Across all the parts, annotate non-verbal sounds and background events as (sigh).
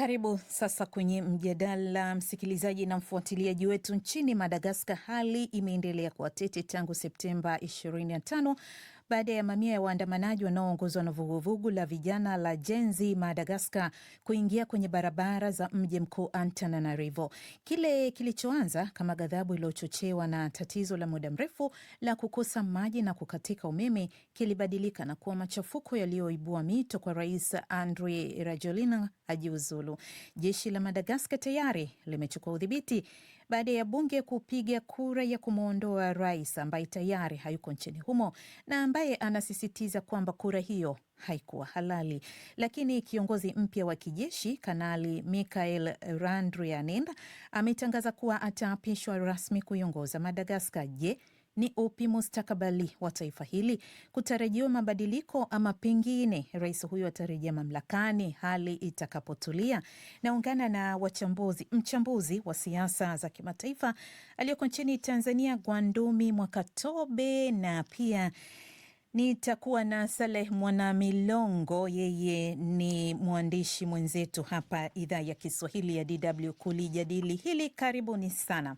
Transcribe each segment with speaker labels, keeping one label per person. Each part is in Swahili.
Speaker 1: Karibu sasa kwenye mjadala msikilizaji na mfuatiliaji wetu. Nchini Madagaskar, hali imeendelea kuwa tete tangu Septemba 25 baada ya mamia ya waandamanaji wanaoongozwa na vuguvugu la vijana la Gen Z Madagascar kuingia kwenye barabara za mji mkuu Antananarivo. Kile kilichoanza kama ghadhabu iliyochochewa na tatizo la muda mrefu la kukosa maji na kukatika umeme kilibadilika na kuwa machafuko yaliyoibua mito kwa Rais Andry Rajoelina ajiuzulu. Jeshi la Madagascar tayari limechukua udhibiti baada ya bunge kupiga kura ya kumwondoa rais ambaye tayari hayuko nchini humo na ambaye anasisitiza kwamba kura hiyo haikuwa halali. Lakini kiongozi mpya wa kijeshi Kanali Michael Randrianin ametangaza kuwa ataapishwa rasmi kuiongoza Madagaskar. Je, ni upi mustakabali wa taifa hili? Kutarajiwa mabadiliko ama pengine rais huyo atarejea mamlakani hali itakapotulia? Naungana na wachambuzi, mchambuzi wa siasa za kimataifa aliyoko nchini Tanzania Gwandumi Mwakatobe na pia nitakuwa na Saleh Mwanamilongo, yeye ni mwandishi mwenzetu hapa idhaa ya Kiswahili ya DW kulijadili hili. Karibuni sana.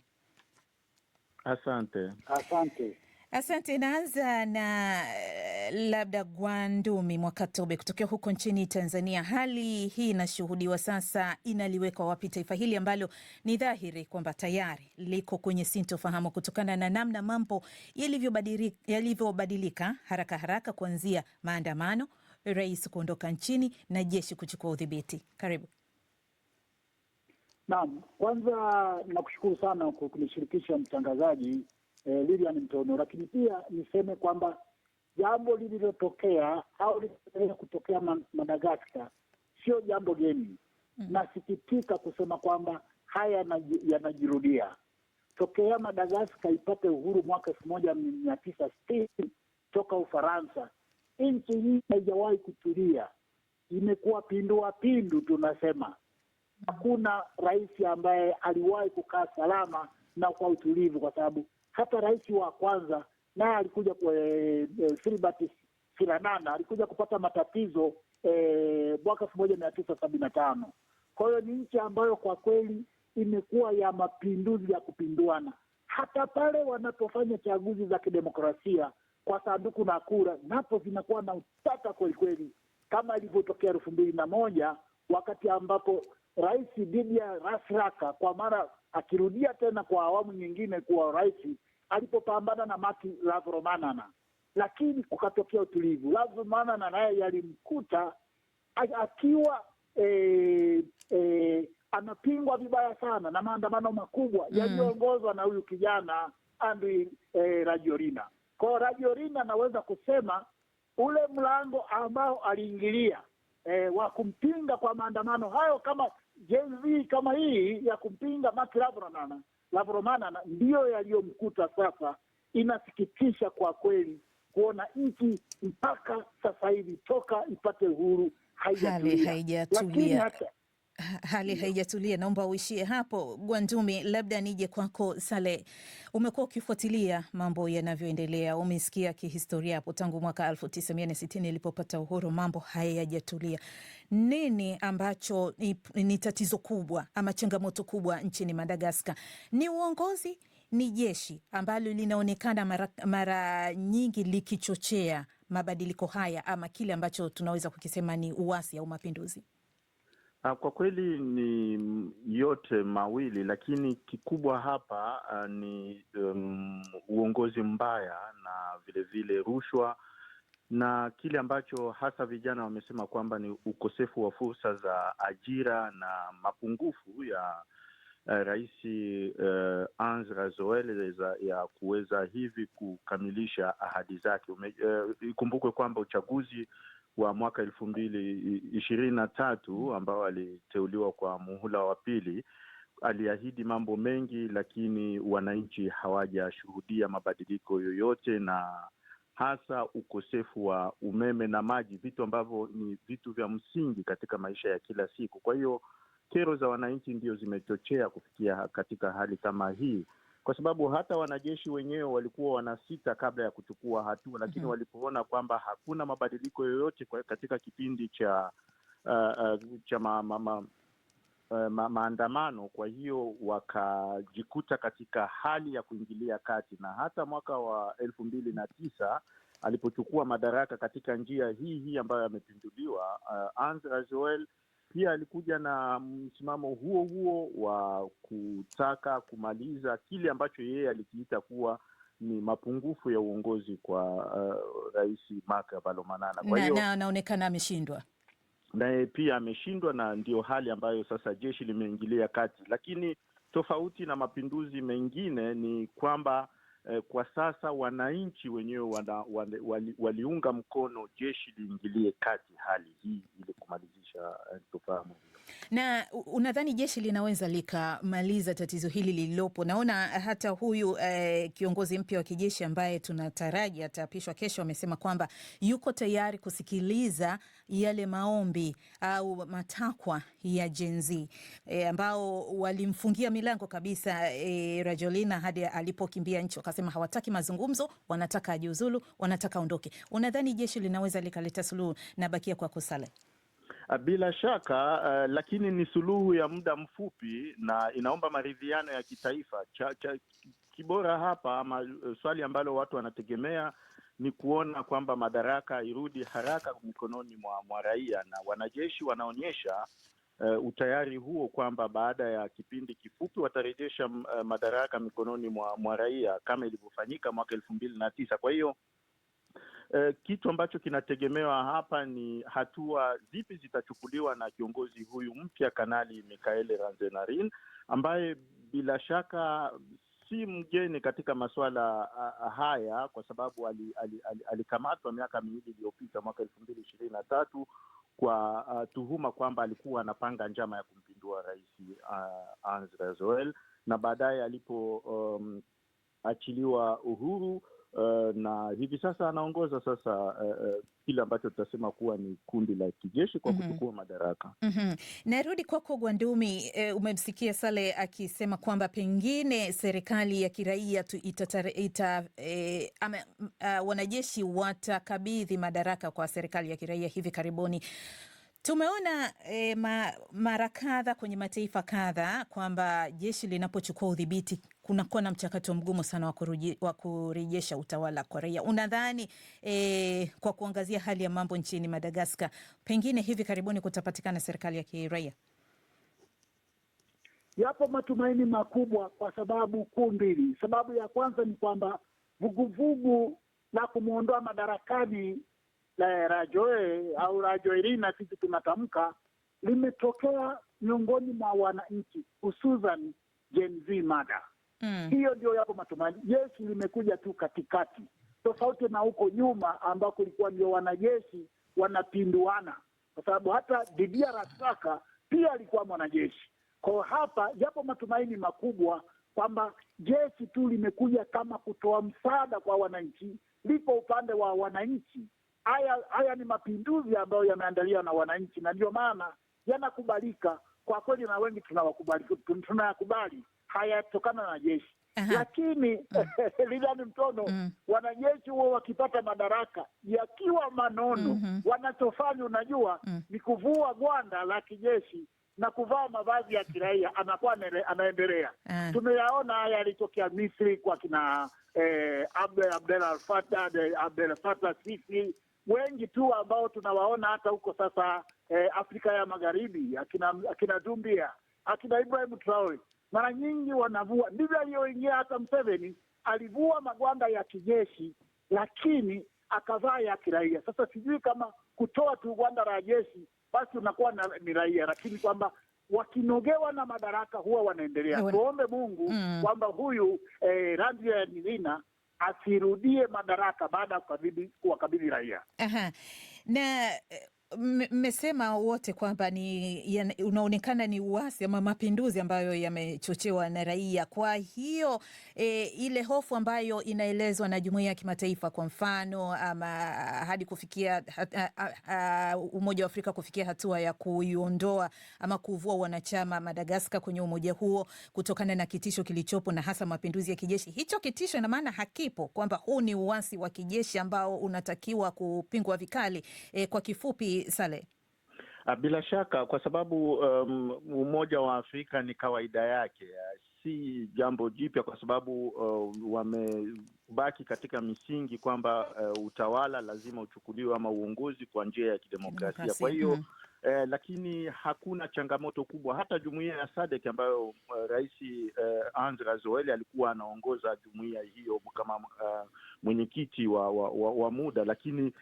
Speaker 2: Asante,
Speaker 3: asante.
Speaker 1: Asante, naanza na eh, labda Gwandumi Mwakatobe kutokea huko nchini Tanzania. Hali hii inashuhudiwa sasa, inaliweka wapi taifa hili ambalo ni dhahiri kwamba tayari liko kwenye sintofahamu kutokana na namna mambo yalivyobadilika haraka haraka, kuanzia maandamano, rais kuondoka nchini na jeshi kuchukua udhibiti? Karibu.
Speaker 3: Naam, kwanza nakushukuru sana kwa kunishirikisha mtangazaji eh, Lilian Mtono, lakini pia niseme kwamba jambo lililotokea au liliendelea kutokea Madagaskar sio jambo geni mm. Nasikitika kusema kwamba haya yanajirudia tokea Madagaskar ipate uhuru mwaka elfu moja mia tisa sitini toka Ufaransa. Nchi hii haijawahi kutulia, imekuwa pindua pindu tunasema hakuna rais ambaye aliwahi kukaa salama na kwa utulivu, kwa sababu hata rais wa kwanza naye alikuja kwa e, eh, e, eh, Silibert alikuja kupata matatizo e, mwaka elfu moja mia tisa sabini na tano. Kwa hiyo ni nchi ambayo kwa kweli imekuwa ya mapinduzi ya kupinduana, hata pale wanapofanya chaguzi za kidemokrasia kwa sanduku na kura, napo zinakuwa na utata kwelikweli, kama ilivyotokea elfu mbili na moja wakati ambapo rais dhidi ya Ransraka kwa mara akirudia tena kwa awamu nyingine kuwa rais alipopambana na Marc Ravalomanana, lakini kukatokea utulivu. Ravalomanana naye yalimkuta akiwa e, e, anapingwa vibaya sana na maandamano makubwa mm, yaliyoongozwa na huyu kijana Andry e, Rajorina. Kwa hiyo Rajoelina kusema ule mlango ambao aliingilia e, wa kumpinga kwa maandamano hayo kama Gen Z kama hii ya kumpinga Marc Ravalomanana, Ravalomanana ndiyo yaliyomkuta sasa. Inasikitisha kwa kweli kuona nchi mpaka sasa hivi toka ipate uhuru haijatulia,
Speaker 1: lakini hata hali haijatulia, naomba uishie hapo Gwandumi. Labda nije kwako Sale, umekuwa ukifuatilia mambo yanavyoendelea, umesikia kihistoria hapo tangu mwaka 1960 ilipopata uhuru, mambo hayajatulia. Nini ambacho ni ni tatizo kubwa ama changamoto kubwa nchini Madagaskar? Ni uongozi, ni jeshi ambalo linaonekana mara, mara nyingi likichochea mabadiliko haya ama kile ambacho tunaweza kukisema ni uasi au mapinduzi?
Speaker 2: Ah, kwa kweli ni yote mawili, lakini kikubwa hapa uh, ni um, uongozi mbaya na vilevile vile rushwa na kile ambacho hasa vijana wamesema kwamba ni ukosefu wa fursa za ajira na mapungufu ya uh, Rais uh, eh, Ange Rajoelina ya kuweza hivi kukamilisha ahadi zake. Eh, ikumbukwe uh, kwamba uchaguzi wa mwaka elfu mbili ishirini na tatu ambao aliteuliwa kwa muhula wa pili aliahidi mambo mengi, lakini wananchi hawajashuhudia mabadiliko yoyote, na hasa ukosefu wa umeme na maji, vitu ambavyo ni vitu vya msingi katika maisha ya kila siku. Kwa hiyo kero za wananchi ndio zimechochea kufikia katika hali kama hii kwa sababu hata wanajeshi wenyewe walikuwa wanasita kabla ya kuchukua hatua, lakini mm -hmm. walipoona kwamba hakuna mabadiliko yoyote kwa katika kipindi cha uh, uh, cha ma, ma, ma, uh, ma, maandamano, kwa hiyo wakajikuta katika hali ya kuingilia kati, na hata mwaka wa elfu mbili na tisa alipochukua madaraka katika njia hii hii ambayo amepinduliwa uh, Andry pia alikuja na msimamo huo huo wa kutaka kumaliza kile ambacho yeye alikiita kuwa ni mapungufu ya uongozi kwa uh, Rais Marc Valomanana.
Speaker 1: Kwa hiyo anaonekana ameshindwa,
Speaker 2: naye pia ameshindwa, na ndiyo hali ambayo sasa jeshi limeingilia kati, lakini tofauti na mapinduzi mengine ni kwamba eh, kwa sasa wananchi wenyewe wana, wali, wali, waliunga mkono jeshi liingilie kati hali hii ili kumalizisha eh,
Speaker 1: na unadhani jeshi linaweza likamaliza tatizo hili lililopo? Naona hata huyu eh, kiongozi mpya wa kijeshi ambaye tunataraji ataapishwa kesho amesema kwamba yuko tayari kusikiliza yale maombi au matakwa ya Gen Z eh, ambao walimfungia milango kabisa eh, Rajolina hadi alipokimbia nchi, wakasema hawataki mazungumzo, wanataka ajiuzulu, wanataka aondoke. Unadhani jeshi linaweza likaleta suluhu? Na bakia kwako Saleh.
Speaker 2: Ah, bila shaka uh, lakini ni suluhu ya muda mfupi na inaomba maridhiano ya kitaifa cha, cha, kibora hapa ama eh, swali ambalo watu wanategemea ni kuona kwamba madaraka irudi haraka mikononi mwa, mwa raia na wanajeshi wanaonyesha uh, utayari huo kwamba baada ya kipindi kifupi watarejesha uh, madaraka mikononi mwa, mwa raia kama ilivyofanyika mwaka elfu mbili na tisa. Kwa hiyo Eh, kitu ambacho kinategemewa hapa ni hatua zipi zitachukuliwa na kiongozi huyu mpya Kanali Mikael Ranzenarin ambaye bila shaka si mgeni katika masuala haya kwa sababu alikamatwa ali, ali, ali miaka miwili iliyopita mwaka elfu mbili ishirini na tatu kwa uh, tuhuma kwamba alikuwa anapanga njama ya kumpindua rais uh, anzrazoel na baadaye alipoachiliwa um, uhuru uh, na hivi sasa anaongoza sasa uh, kile ambacho tutasema kuwa ni kundi la kijeshi kwa mm -hmm. kuchukua madaraka
Speaker 1: mm -hmm. Narudi kwako Gwandumi. E, umemsikia Sale akisema kwamba pengine serikali ya kiraia ita, e, uh, wanajeshi watakabidhi madaraka kwa serikali ya kiraia hivi karibuni. Tumeona eh, ma, mara kadha kwenye mataifa kadha kwamba jeshi linapochukua udhibiti kunakuwa na mchakato mgumu sana wa kurejesha utawala kwa raia. Unadhani e, kwa kuangazia hali ya mambo nchini Madagaskar, pengine hivi karibuni kutapatikana serikali ya kiraia?
Speaker 3: Yapo matumaini makubwa kwa sababu kuu mbili. Sababu ya kwanza ni kwamba vuguvugu la kumwondoa madarakani la eh, Rajoe au Rajoelina, sisi tunatamka, limetokea miongoni mwa wananchi, hususan Gen Z mada Mm. Hiyo mm. ndio yapo matumaini. Jeshi limekuja tu katikati, tofauti na huko nyuma ambako ilikuwa ndio wanajeshi wanapinduana, kwa sababu hata Didia Rasaka pia alikuwa mwanajeshi. Kwa hapa yapo matumaini makubwa kwamba jeshi tu limekuja kama kutoa msaada kwa wananchi, lipo upande wa wananchi. Haya haya ni mapinduzi ambayo yameandaliwa na wananchi, na ndio maana yanakubalika kwa kweli, na wengi tunawakubali, tunayakubali hayatokana na jeshi Aha. Lakini mm. (laughs) lidani Mtono mm. wanajeshi huo wakipata madaraka yakiwa manono mm -hmm. wanachofanya unajua mm. ni kuvua gwanda la kijeshi na kuvaa mavazi ya kiraia, anakuwa anaendelea. Ah. Tumeyaona haya yalitokea Misri kwa kina eh, Abdel Fattah Abdel Fattah Sisi wengi tu ambao tunawaona hata huko sasa eh, Afrika ya Magharibi, akina akina Dumbia, akina Ibrahim Traore, mara nyingi wanavua. Ndivyo aliyoingia hata Mseveni, alivua magwanda ya kijeshi, lakini akavaa ya kiraia. Sasa sijui kama kutoa tu gwanda la jeshi basi unakuwa ni raia, lakini kwamba wakinogewa na madaraka huwa wanaendelea. Tuombe Mungu mm, kwamba huyu eh, nirina asirudie madaraka baada ya kuwakabidhi raia.
Speaker 1: Aha. Na mmesema wote kwamba ni unaonekana ni uasi ama mapinduzi ambayo yamechochewa na raia. Kwa hiyo e, ile hofu ambayo inaelezwa na jumuiya ya kimataifa kwa mfano ama hadi kufikia ha, ha, ha, Umoja wa Afrika kufikia hatua ya kuiondoa ama kuvua wanachama Madagaskar kwenye umoja huo kutokana na kitisho kilichopo na hasa mapinduzi ya kijeshi, hicho kitisho ina maana hakipo, kwamba huu ni uasi wa kijeshi ambao unatakiwa kupingwa vikali. E, kwa kifupi Said Saleh.
Speaker 2: Ah, bila shaka kwa sababu um, Umoja wa Afrika ni kawaida yake, si jambo jipya kwa sababu uh, wamebaki katika misingi kwamba uh, utawala lazima uchukuliwe ama uongozi kwa njia ya kidemokrasia. Kwa hiyo uh-huh. Eh, lakini hakuna changamoto kubwa. Hata jumuiya ya SADC ambayo uh, Rais uh, Andry Rajoelina alikuwa anaongoza jumuiya hiyo kama uh, mwenyekiti wa, wa, wa, wa muda, lakini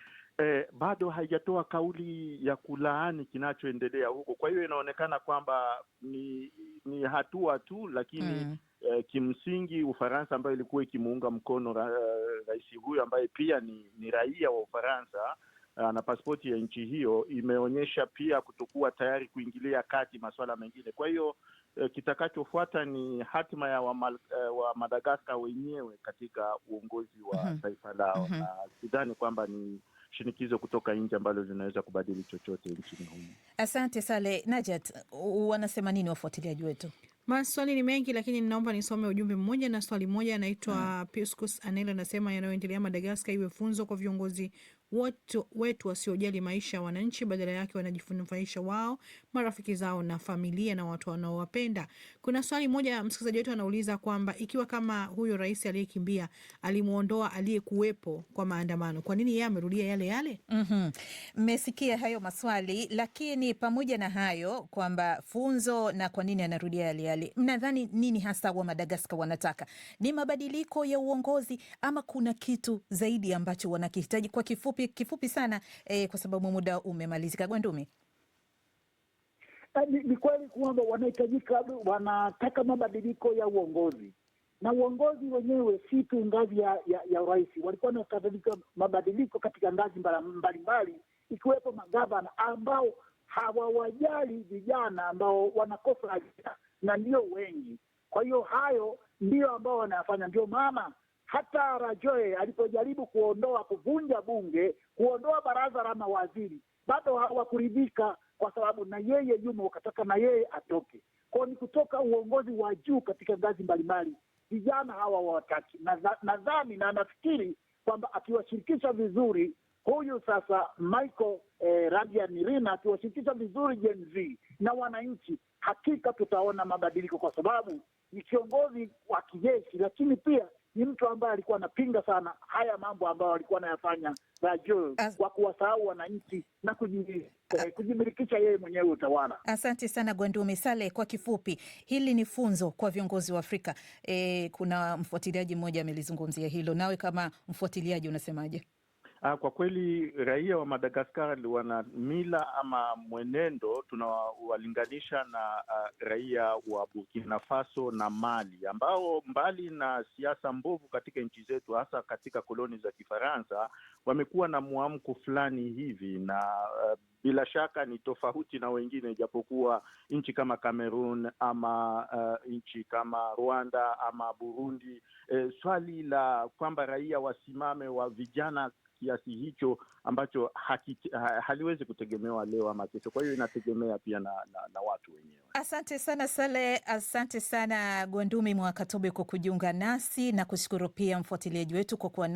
Speaker 2: eh, bado haijatoa kauli ya kulaani kinachoendelea huko. Kwa hiyo inaonekana kwamba ni, ni hatua tu, lakini mm. eh, kimsingi Ufaransa ambayo ilikuwa ikimuunga mkono ra, rais huyo ambaye pia ni, ni raia wa Ufaransa eh, na pasipoti ya nchi hiyo imeonyesha pia kutokuwa tayari kuingilia kati masuala mengine. Kwa hiyo eh, kitakachofuata ni hatima ya wa, eh, wa Madagaskar wenyewe katika uongozi wa mm -hmm. taifa lao mm -hmm. na sidhani kwamba ni shinikizo kutoka nje ambalo linaweza kubadili chochote nchini humo.
Speaker 1: Asante Sale. Najat, wanasema nini wafuatiliaji wetu?
Speaker 4: Maswali ni mengi, lakini ninaomba nisome ujumbe mmoja na swali moja. Anaitwa hmm, Piscus Anel anasema yanayoendelea Madagaskar iwe funzo kwa viongozi watu wetu wasiojali maisha ya wananchi, badala yake wanajifunufaisha wao, marafiki zao na familia na watu wanaowapenda. Kuna swali moja msikilizaji wetu anauliza kwamba ikiwa kama huyo rais aliyekimbia alimuondoa aliyekuwepo kwa maandamano, kwa nini yeye amerudia yale yale?
Speaker 1: Mhm. Mmesikia mm -hmm. hayo maswali, lakini pamoja na hayo kwamba funzo na kwa nini anarudia yale yale, mnadhani nini hasa wa Madagaskar wanataka? Ni mabadiliko ya uongozi ama kuna kitu zaidi ambacho wanakihitaji? Kwa kifupi kifupi, kifupi sana eh, kwa sababu muda umemalizika. Gwandumi.
Speaker 3: Eh, ni, ni kweli kwamba wanahitajika, wanataka mabadiliko ya uongozi na uongozi wenyewe si tu ngazi ya, ya, ya rais. Walikuwa wanataka mabadiliko katika ngazi mbalimbali ikiwepo magavana ambao hawawajali vijana ambao wanakosa ajira na ndio wengi. Kwa hiyo hayo ndiyo ambao wanayafanya, ndio maana hata Rajoe alipojaribu kuondoa, kuvunja bunge, kuondoa baraza la mawaziri, bado hawakuridhika, kwa sababu na yeye yumo, wakataka na yeye atoke kwao. Ni kutoka uongozi wa juu katika ngazi mbalimbali, vijana hawa wawataki. Nadhani na nafikiri kwamba akiwashirikisha vizuri huyu sasa Michael eh, Radianirina akiwashirikisha vizuri Gen Z na wananchi, hakika tutaona mabadiliko, kwa sababu ni kiongozi wa kijeshi, lakini pia ni mtu ambaye alikuwa anapinga sana haya mambo ambayo alikuwa anayafanya As... kwa kuwasahau wananchi na kuji eh, kujimilikisha yeye mwenyewe utawala.
Speaker 1: Asante sana Gwandume Sale. Kwa kifupi, hili ni funzo kwa viongozi wa Afrika. E, kuna mfuatiliaji mmoja amelizungumzia hilo, nawe kama mfuatiliaji unasemaje?
Speaker 2: Ah, kwa kweli raia wa Madagaskar wana mila ama mwenendo tunawalinganisha na uh, raia wa Burkina Faso na Mali, ambao mbali na siasa mbovu katika nchi zetu, hasa katika koloni za Kifaransa, wamekuwa na mwamko fulani hivi na uh, bila shaka ni tofauti na wengine, ijapokuwa nchi kama Cameroon ama uh, nchi kama Rwanda ama Burundi, e, swali la kwamba raia wasimame wa vijana kiasi hicho ambacho haki, ha, haliwezi kutegemewa leo ama kesho. Kwa hiyo inategemea pia na, na, na watu wenyewe.
Speaker 1: Asante sana sale asante sana Gwandumi Mwakatobe kwa kujiunga nasi na kushukuru pia mfuatiliaji wetu kwa kuwa